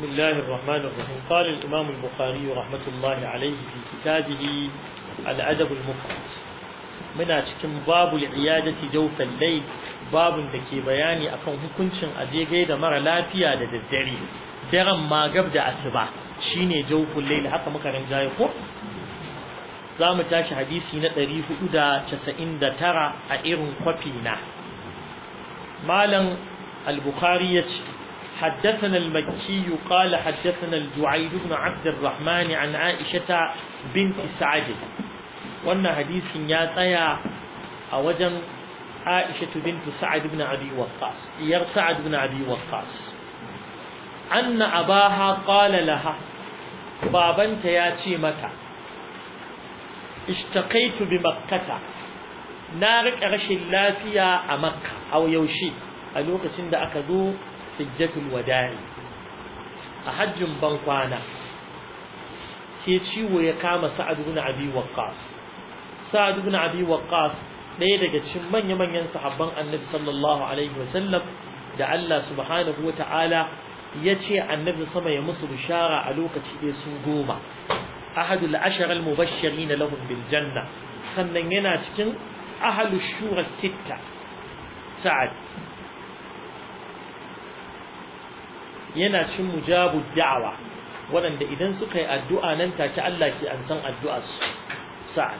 بسم الله الرحمن الرحيم قال الإمام البخاري رحمة الله عليه في كتابه الأدب المفرد من أشكم باب العيادة جوف الليل باب دكي بياني أكون هكونشن أجيغي دمر لا فيادة الدري درم ما قبل أسبع شيني جوف الليل حتى مكرم جايكو za mu tashi hadisi na 499 a irin kwafi na malam al-bukhari ya ce حدثنا المكي قال حدثنا الجعيد بن عبد الرحمن عن عائشة بنت سعد وأن حديث ياتيا أوجن عائشة بنت سعد بن أبي وقاص ير سعد بن أبي وقاص أن أباها قال لها بابنت ياتي متى اشتقيت بمكة نارك أغشي اللافية أمك أو يوشي a lokacin da aka zo hajjatul wada'i a hajjin ban kwana sai ciwo ya kama sa'ad ibn abi waqqas sa'ad ibn abi waqqas ɗaya daga cikin manya-manyan sahabban annabi sallallahu alaihi wasallam da Allah subhanahu wa ta'ala ya ce annabi sama ya musu bishara a lokaci ɗaya su goma ahadul ashar al-mubashshari na lahum bil janna sannan yana cikin ahalu shura sitta sa'ad yana cin mujabu da'awa waɗanda idan suka yi addu'a nan take Allah ke an san addu'a su sa'ad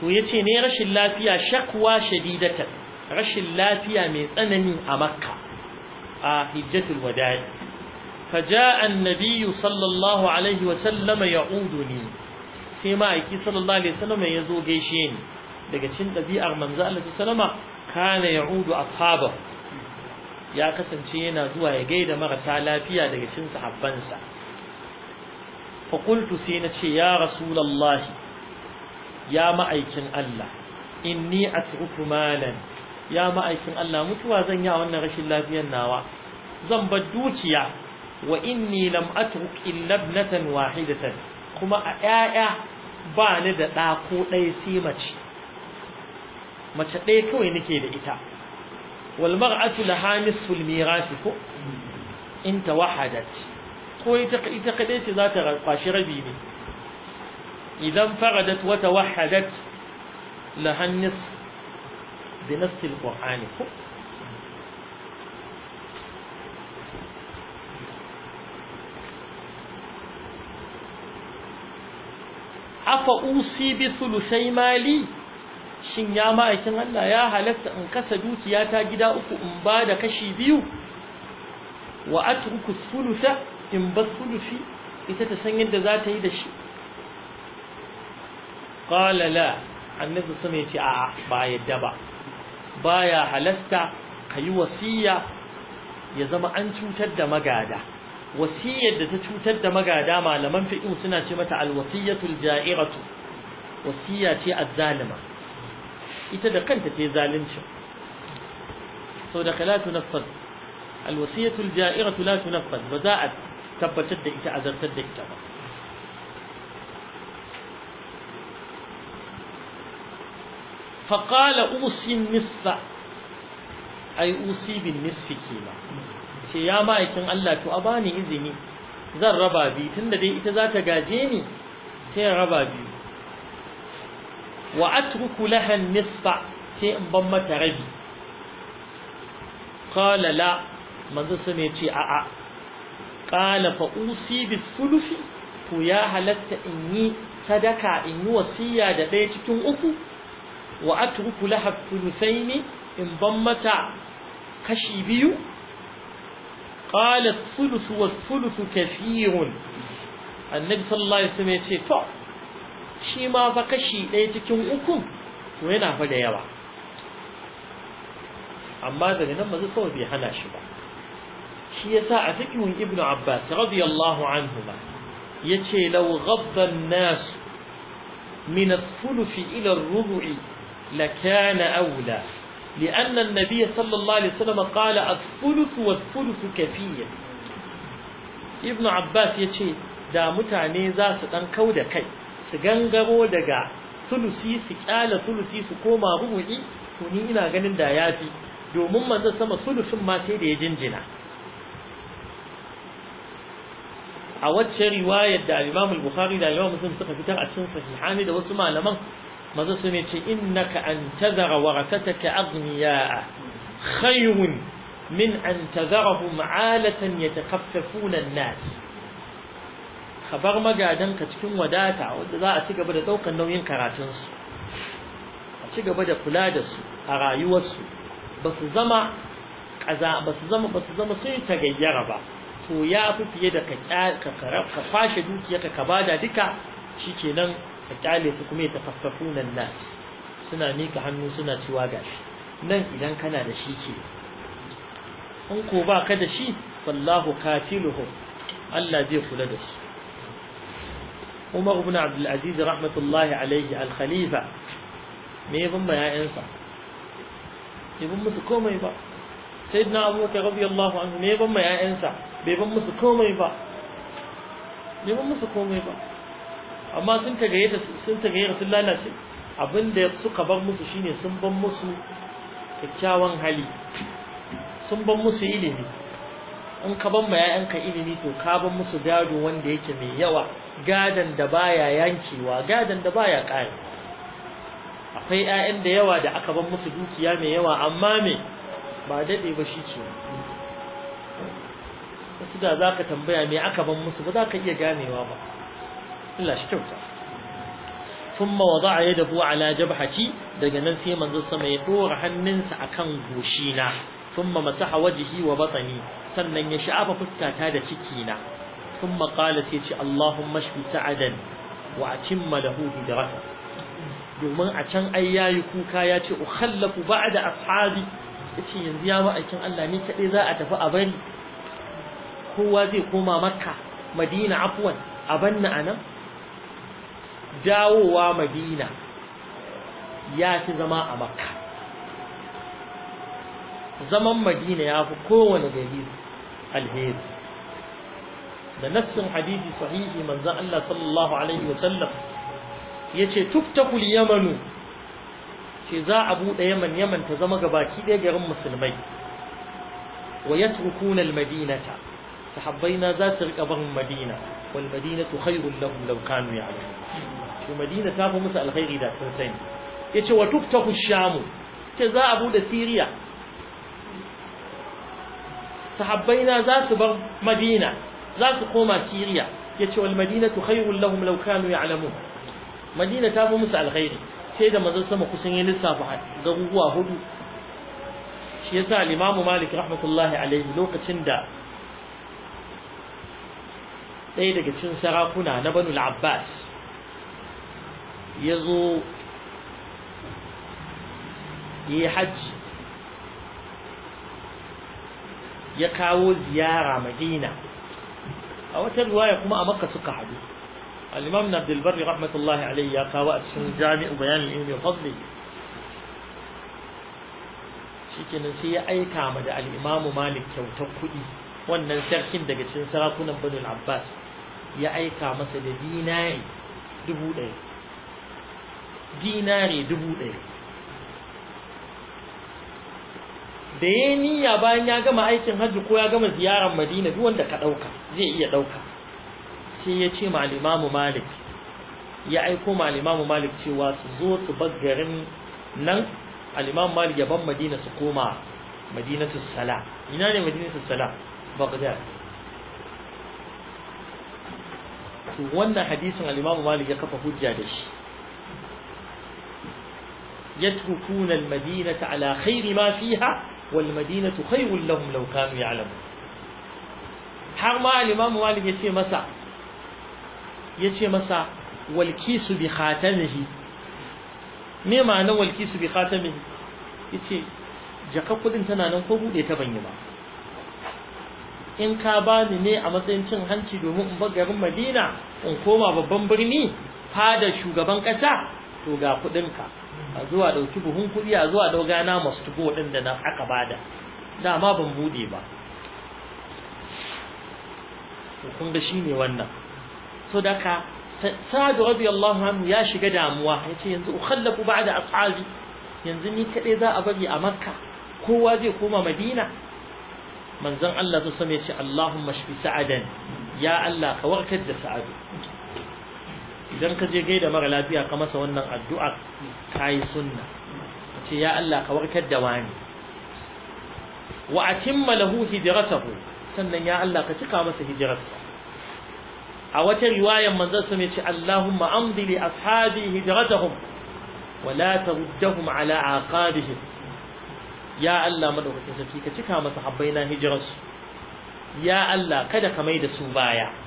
to yace ne rashin lafiya shakwa shadidatan rashin lafiya mai tsanani a makka a hijjatul wada'i فجاء النبي صلى الله عليه وسلم يعودني sai ma'aiki sallallahu alaihi wasallam ya zo gaishe ni daga cin ɗabi'ar manzo Allah sallama kana ya'udu ashaba ya kasance yana zuwa ya gaida marasa lafiya daga cin abbansa. fa qultu sai na ce ya rasulullahi ya ma'aikin Allah inni atruku malan ya ma'aikin Allah mutuwa zan yi a wannan rashin lafiyar nawa zan bar dukiya wa inni lam atruk illa ibnatan wahidatan kuma a ƴaƴa ba ni da ɗa ko ɗaya sai mace mace ɗaya kawai nake da ita wal mar'atu laha nisful mirathi ko in tawahadat ko ita ita kadai ce za ta kwashi rabi ne idan faradat wa tawahadat laha nisf bi nasl al-qur'ani ko afa usi bi sulusai mali shin ya ma'aikin Allah ya halatta in kasa dukiya ta gida uku in ba da kashi biyu wa atruku sulusa in ba sulusi ita ta san yadda za ta yi da shi qala la annabi sun a'a ba yadda ba baya halasta kayi wasiya ya zama an cutar da magada wasiyar da ta cutar da magada malaman fiqh suna ce mata alwasiyatul ja'iratu wasiya ce azzalima ita da kanta ta yi zalunci sau da kala tunaffaz alwasiyatul ja'iratu la tunaffaz ba za a tabbatar da ita azartar da ita ba فقال أوصي النصف أي أوصي بالنصف كيما ce ya ma'aikin Allah to a bani izini zan raba biyu tunda dai ita za ta gaje ni sai raba biyu وأترك لها النصف سي أمبما ربي قال لا من ذسم يتي أعا قال فأوصي بالثلث فيا هلت إني صدقا إني وسيا دبيت كم أفو وأترك لها الثلثين إمبما كشي بيو قال الثلث والثلث كثير النبي صلى الله عليه وسلم يتي فأ shi ma fa kashi ɗaya cikin uku to yana fa da yawa amma daga nan mazu sau bai hana shi ba shi yasa a fikihun Ibn abbas radiyallahu anhu ba yace law ghabba an-nas min ath-thuluth ila ar-rubu'i lakana awla لأن النبي صلى الله عليه وسلم قال الثلث والثلث كفية ابن da mutane za su dan ستنكو da kai. su gangaro daga sulusi su ƙyala sulusi su koma rubu'i to ni ina ganin da yafi domin manzo sama sulusun ma sai da ya jinjina a wacce riwayar da Imam bukhari da Imam Muslim suka fitar a cikin sahihani da wasu malaman manzo sun ce innaka an tazara warathataka aghniya khayrun min an tazarahum alatan yatakhafafuna an-nas ka bar magadanka cikin wadata wanda za a ci gaba da ɗaukar nauyin karatunsu a ci gaba da kula da su a rayuwarsu ba su zama kaza, ba su zama ba su zama sun ba to ya fi fiye da ka ka fashe dukiyarka ka bada duka shikenan ka kyale su kuma ya tafaffafu nan nas suna mika hannu suna cewa gashi nan idan kana da shi ke in ko ba ka da shi wallahu kafiluhu Allah zai kula da su Umar ibn Abdul Aziz rahmatullahi alaihi al-Khalifa me ya bin bayansa bai bin musu komai ba sayyidina Abubakar radiyallahu anhu me ya bin bayansa bai bin musu komai ba me bin musu komai ba amma sun tagayyara sun tagayyara sun lalace abinda suka bar musu shine sun bar musu kyakkyawan hali sun bar musu ilimi in ka ban ma yayanka ilimi to ka ban musu gado wanda yake mai yawa gadan da baya yankewa gadan da baya ƙare akwai ƴaƴan da yawa da aka ban musu dukiya mai yawa amma me ba dade ba shi ce wasu da za ka tambaya me aka ban musu ba za ka iya ganewa ba illa shi kyauta ثم وضع يده على جبهتي daga nan sai manzo sama ya dora hannunsa akan goshina thumma masaha wajhi wa batni sannan ya shafa fuskata da ciki na thumma qala sai ce Allahumma shfi sa'adan wa atimma lahu hijrata domin a can ai yayi kuka ya ce ukhallafu ba'da ashabi yace yanzu ya ma'aikin Allah ni kadai za a tafi a kowa zai koma makka madina afwan a banna anan jawowa madina ya fi zama a makka zaman madina ya fi kowane gari alheri da nassin hadisi sahihi manzo Allah sallallahu alaihi wa Sallam. yace tuftahu al-yamanu ce za a bude yaman yaman ta zama gabaki ɗaya garin musulmai wa yatrukuna al-madinata sahabbaina za su rika barin madina wal madinatu khayrun lahum law kanu ya'lamun shi madina ta fi musu alkhairi da sun sani yace wa tuftahu ash-shamu ce za a bude siriya sahabbai na za su bar madina za su koma siriya ce wal madinatu khairul lahum law kanu ya'lamun madina ta fi musu alkhairi sai da mazan sama kusan ya lissafa garuruwa hudu shi yasa al-imamu malik rahmatullahi alaihi lokacin da ɗaya daga cikin sarakuna na banu al-abbas ya zo yi hajji ya kawo ziyara madina a wata riwaya kuma a makka suka hadu al-imam ibn rahmatullahi alayhi ya kawo a cikin jami'u bayanin ilmi wa fadli shikenan sai ya aika ma da al-imam malik kyautar kuɗi wannan sarkin daga cikin sarakunan banu abbas ya aika masa da dinari dubu ɗaya dinari dubu ɗaya da ya niyya bayan ya gama aikin hajji ko ya gama ziyarar madina duk wanda ka ɗauka zai iya ɗauka sai ya ce malimamu malik ya aiko malimamu malik cewa su zo su bar garin nan alimamu malik ya ban madina su koma su sala ina ne su sala bagdad wannan hadisin alimamu malik ya kafa hujja da shi يتركون المدينة على خير ما فيها والمدينة خير لهم لو كانوا يعلمون har ma al-imamu malik yace masa yace masa walkisu bi khatamihi me ma'ana walkisu bi khatamihi yace jaka kudin tana nan ko bude ta banyi ba in ka ba ni ne a matsayin cin hanci domin in bar garin Madina in koma babban birni fada shugaban kasa to ga kudin ka a zuwa ɗauki buhun kuɗi a zuwa dau gana masu tugo din da na aka bada dama ban bude ba kun ga ne wannan so daka sa'ad radiyallahu anhu ya shiga damuwa yace yanzu ukhallafu da ashabi yanzu ni kaɗai za a bari a makka kowa zai koma madina manzon Allah ta same shi Allahumma shfi sa'adan ya Allah ka warkar da sa'adu idan ka je gaida mara lafiya ka masa wannan addu'a ka yi sunna ce ya Allah ka warkar da wani wa a atimma lahu hijratahu sannan ya Allah ka cika masa hijirarsa a wata riwayar manzon sa mai ce Allahumma amdi li ashabi hijratahum wa la taruddahum ala aqabihim ya Allah madaukakin sarki ka cika masa habbaina hijirarsu ya Allah kada ka mai da su baya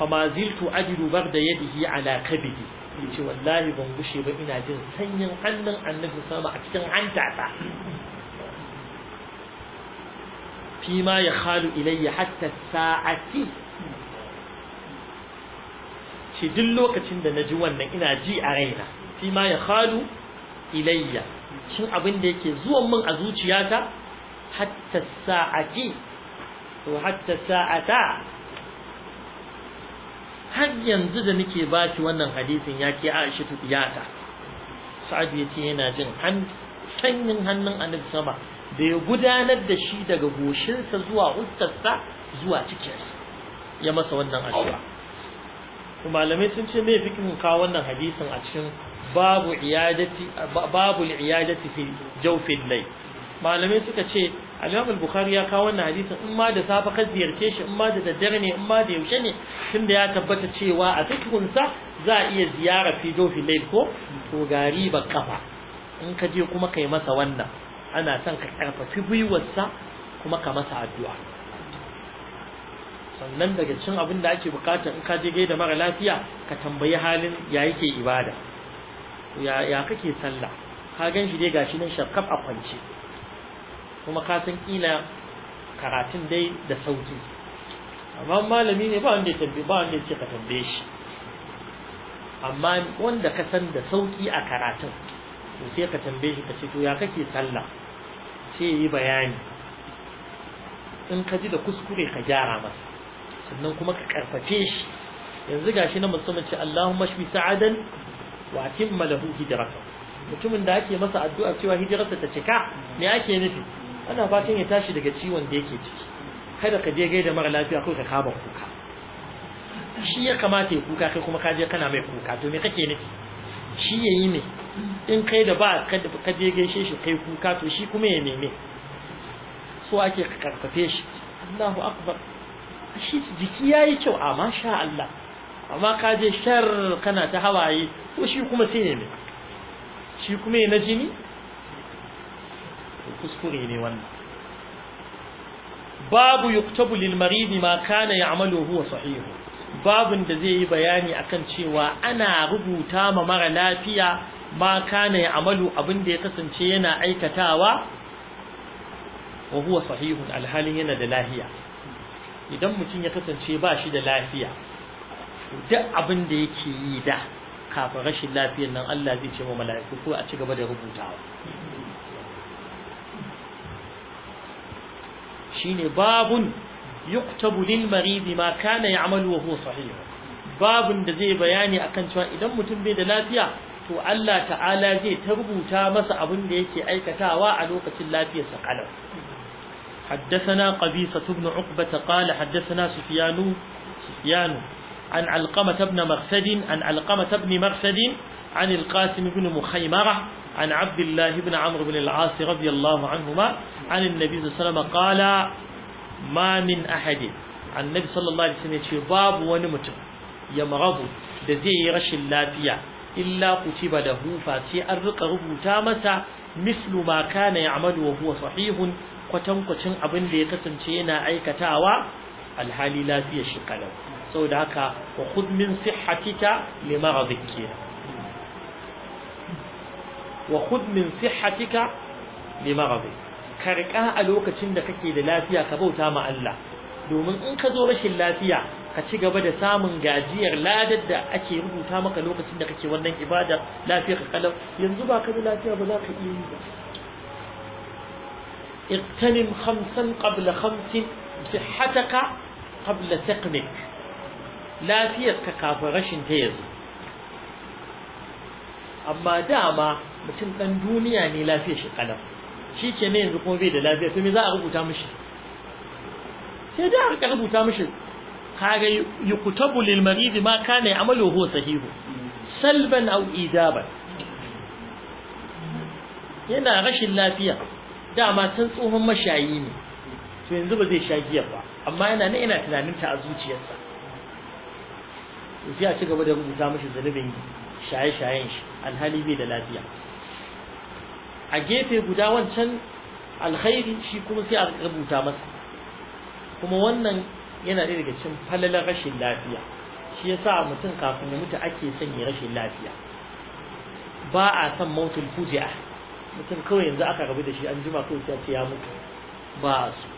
fama ziltu ajidu bagda yadihi ala kabidi yace wallahi ban gushe ba ina jin sanyin hannun annabi sama a cikin hantata fi ma ya khalu ilayya hatta sa'ati shi duk lokacin da na ji wannan ina ji a raina fi ma ya khalu ilayya shin abin da yake zuwan min a zuciyata hatta sa'ati wa hatta sa'ata har yanzu da nake baki wannan hadisin ya ke a shi tafiyata Sa'ad ya ce yana jin sanyin hannun Annabi sama da ya gudanar da shi daga goshinsa zuwa ustarsa zuwa cikinsa ya masa wannan kuma malamai sun ce me fikin ka wannan hadisin a cikin babu iyadati babu iyadati fi lai malamai suka ce imam al-Bukhari ya kawo wannan hadisin in ma da safa ka ziyarce shi in ma da daddare ne in ma da yaushe ne tunda ya tabbata cewa a cikin sa za a iya ziyara fi dofi lail ko to gari ba kafa in ka je kuma kai masa wannan ana son ka karfafi gwiwarsa kuma ka masa addu'a sannan daga cikin abin da ake bukata in ka je gaida mara lafiya ka tambayi halin ya yake ibada ya kake sallah ka gan shi dai gashi nan shakkaf a kwance kuma ka san kila karatun dai da sauki amma malami ne ba wanda ya tambaye ba ce ka tambaye shi amma wanda ka san da sauki a karatun to sai ka tambaye shi ka ce to ya kake sallah sai yi bayani in ka ji da kuskure ka gyara masa sannan kuma ka karfafe shi yanzu gashi na musamman ce Allahumma shfi sa'adan wa atimma lahu hijrata mutumin da ake masa addu'a cewa hijirarsa ta cika me ake nufi ana fatan ya tashi daga ciwon da yake ciki kada ka je gaida mara lafiya ko ka kaba kuka shi ya kamata ya kuka kai kuma ka je kana mai kuka to me kake nufi shi yayi ne in kai da ba ka je gaishe shi kai kuka to shi kuma ya neme so ake karfafe shi Allahu akbar shi jiki yayi kyau amma sha Allah amma ka je shar kana ta hawaye to shi kuma sai ya me shi kuma ya na jini kuskure ne wannan babu yuktabu lil maridi ma kana ya'malu huwa sahih babun da zai yi bayani akan cewa ana rubuta ma mara lafiya ma kana ya'malu abin da ya kasance yana aikatawa wa huwa sahihun alhalin yana da lafiya idan mutum ya kasance ba shi da lafiya duk abin da yake yi da kafin rashin lafiyar nan Allah zai ce wa mala'iku ko a ci gaba da rubutawa shine babun yuktabu lil marid ma kana ya'malu wa huwa sahih babun da zai bayani akan cewa idan mutum bai da lafiya to Allah ta'ala zai ta rubuta masa abin da yake aikatawa a lokacin lafiyarsa kalau حدثنا قبيصة بن عقبة قال حدثنا سفيان سفيان عن علقمة بن مرثد عن علقمة بن مرثد عن القاسم بن مخيمرة عن عبد الله بن عمرو بن العاص رضي الله عنهما عن النبي صلى الله عليه وسلم قال ما من أحد عن النبي صلى الله عليه وسلم يقول باب ونمت يمرض دزي رش اللافية إلا كتب له فاتي أرق ربوتا مسا مثل ما كان يعمل وهو صحيح كتم كتم أبن ليكسن شينا أي كتاوى الحالي لا فيه شقلو سوداك وخذ من صحتك لمرضك wa khudh min sihhatika li maghdi karka a lokacin da kake da lafiya ka bauta ma Allah domin in ka zo rashin lafiya ka ci gaba da samun gajiyar ladar da ake rubuta maka lokacin da kake wannan ibada lafiya ka kalau yanzu ba ka da lafiya ba za ka iya yi ba اغتنم خمسا قبل خمس صحتك قبل Lafiyar ka kafin rashin ta yanzu. amma dama mutum ɗan duniya ne lafiya shi kalam shi ke ne yanzu kuma bai da lafiya Sai me za a rubuta mishi sai da aka rubuta mishi kaga yukutabu lil marid ma kana amaluhu sahihu salban aw idaban yana rashin lafiya dama san tsohon mashayi ne to yanzu ba zai sha giya ba amma yana ne yana tunanin ta a zuciyarsa sai a ci gaba da rubuta mishi zanubin shaye-shayen shi alhali bai da lafiya a gefe guda wancan alkhairi shi kuma sai a rubuta masa kuma wannan yana ɗaya daga cikin falalar rashin lafiya shi ya yasa mutum kafin ya mutu ake son ya rashin lafiya ba a son mautul fuji'a mutum kawai yanzu aka rabu da shi an jima kawai sai ce ya mutu ba su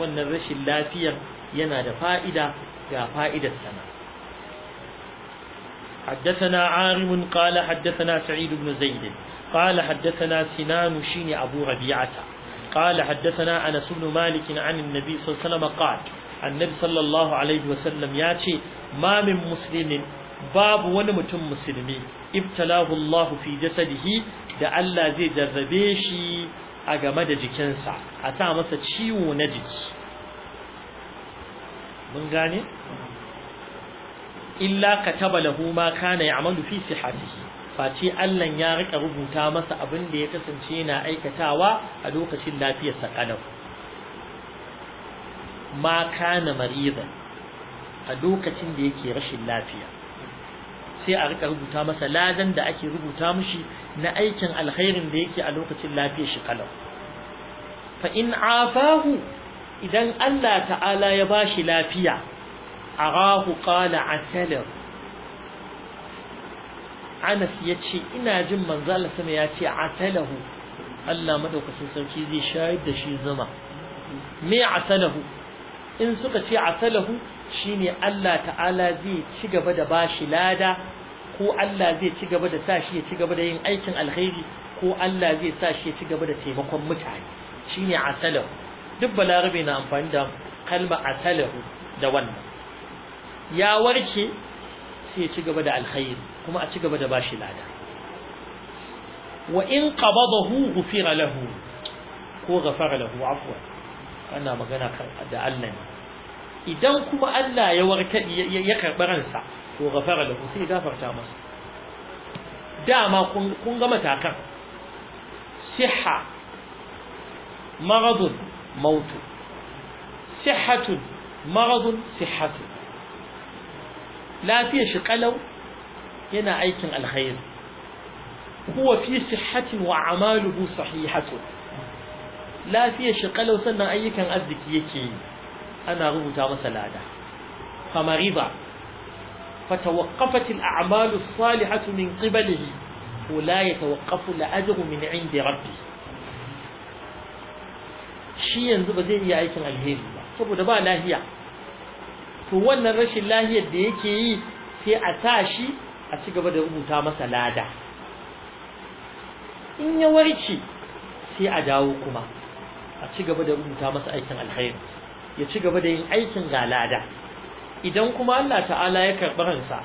wannan rashin lafiyar yana da fa'ida ga fa'idar sana'a. حدثنا عارم قال حدثنا سعيد بن زيد قال حدثنا سنان شين أبو ربيعة قال حدثنا أنس بن مالك عن النبي صلى الله عليه وسلم قال النبي صلى الله عليه وسلم ياتي ما من مسلم باب ونمت مسلمي ابتلاه الله في جسده da Allah zai jarrabe shi a game da jikinsa a ta masa ciwo na jiki mun gane illa kataba lahu ma kana ya'malu fi sihhatihi face Allah ya rika rubuta masa abin da ya kasance yana aikatawa a lokacin lafiyar sa kalau ma kana marida a lokacin da yake rashin lafiya sai a rika rubuta masa ladan da ake rubuta mishi na aikin alkhairin da yake a lokacin lafiyar shi kalau fa in afahu idan Allah ta'ala ya bashi lafiya arahu qala atalar Anas ya ce ina jin manzo Allah sama ya ce atalahu Allah madaukakin sarki zai shayar da shi zuma me atalahu in suka ce atalahu shine Allah ta'ala zai ci gaba da bashi lada ko Allah zai ci gaba da sa shi ya ci gaba da yin aikin alkhairi ko Allah zai sa ya ci gaba da taimakon mutane shine atalahu duk balarabe na amfani da kalma atalahu da wannan ya warke sai ya ci gaba da alkhairi kuma a ci gaba da bashi lada wa in qabadahu ghufira lahu ko ghafara lahu afwa ana magana da Allah ne idan kuma Allah ya warke ya karɓi ransa to ghafara lahu sai gafarta masa dama kun ga matakan siha maradun mautu sihhatun maradun sihhatun lafiyar shi kalau yana aikin alkhairi huwa fi sihhatin wa amaluhu sahihatu lafiyar shi kalau sannan ayyukan arziki yake yi ana rubuta masa lada famariba salihatu min الصالحة من la ya يتوقف الأجر من عند ربه shi yanzu ba zai iya aikin alheri ba saboda ba lahiya to wannan rashin lahiyar da yake yi sai a sa shi a ci gaba da rubuta masa lada in ya warke sai a dawo kuma a ci gaba da rubuta masa aikin alkhairi ya ci gaba da yin aikin ga lada idan kuma Allah ta'ala ya karɓi ransa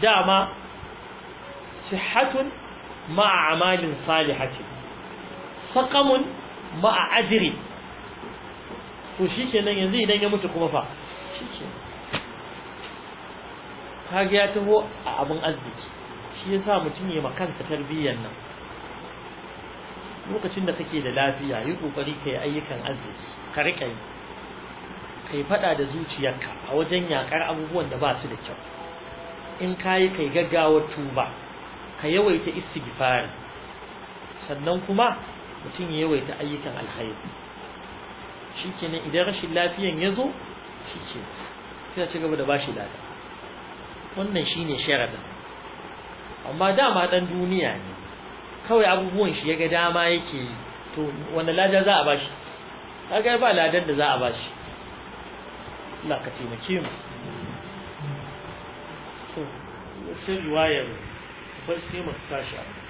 dama sihatun ma'a amalin salihati sakamun ma'a ajiri to kenan yanzu idan ya mutu kuma fa Ka kage ya taho a abin arziki shi yasa mutum ya makansa tarbiyyar nan lokacin da kake da lafiya yi kokari kai ayyukan arziki ka rika yi kai fada da zuciyarka a wajen yakar abubuwan da ba su da kyau in kayi kai gaggawar tuba ka yawaita istighfari sannan kuma mutum ya yawaita ayyukan alkhairi kenan idan rashin lafiyan ya zo shi ce sai a ci gaba da ba shi lada wannan shi ne sharadin amma dama dan duniya ne kawai abubuwan shi yaga dama yake to wanda lada za a ba bashi kaga ba ladan da za a ba shi Allah ka taimake mu to sai riwayar bar sai mu tashi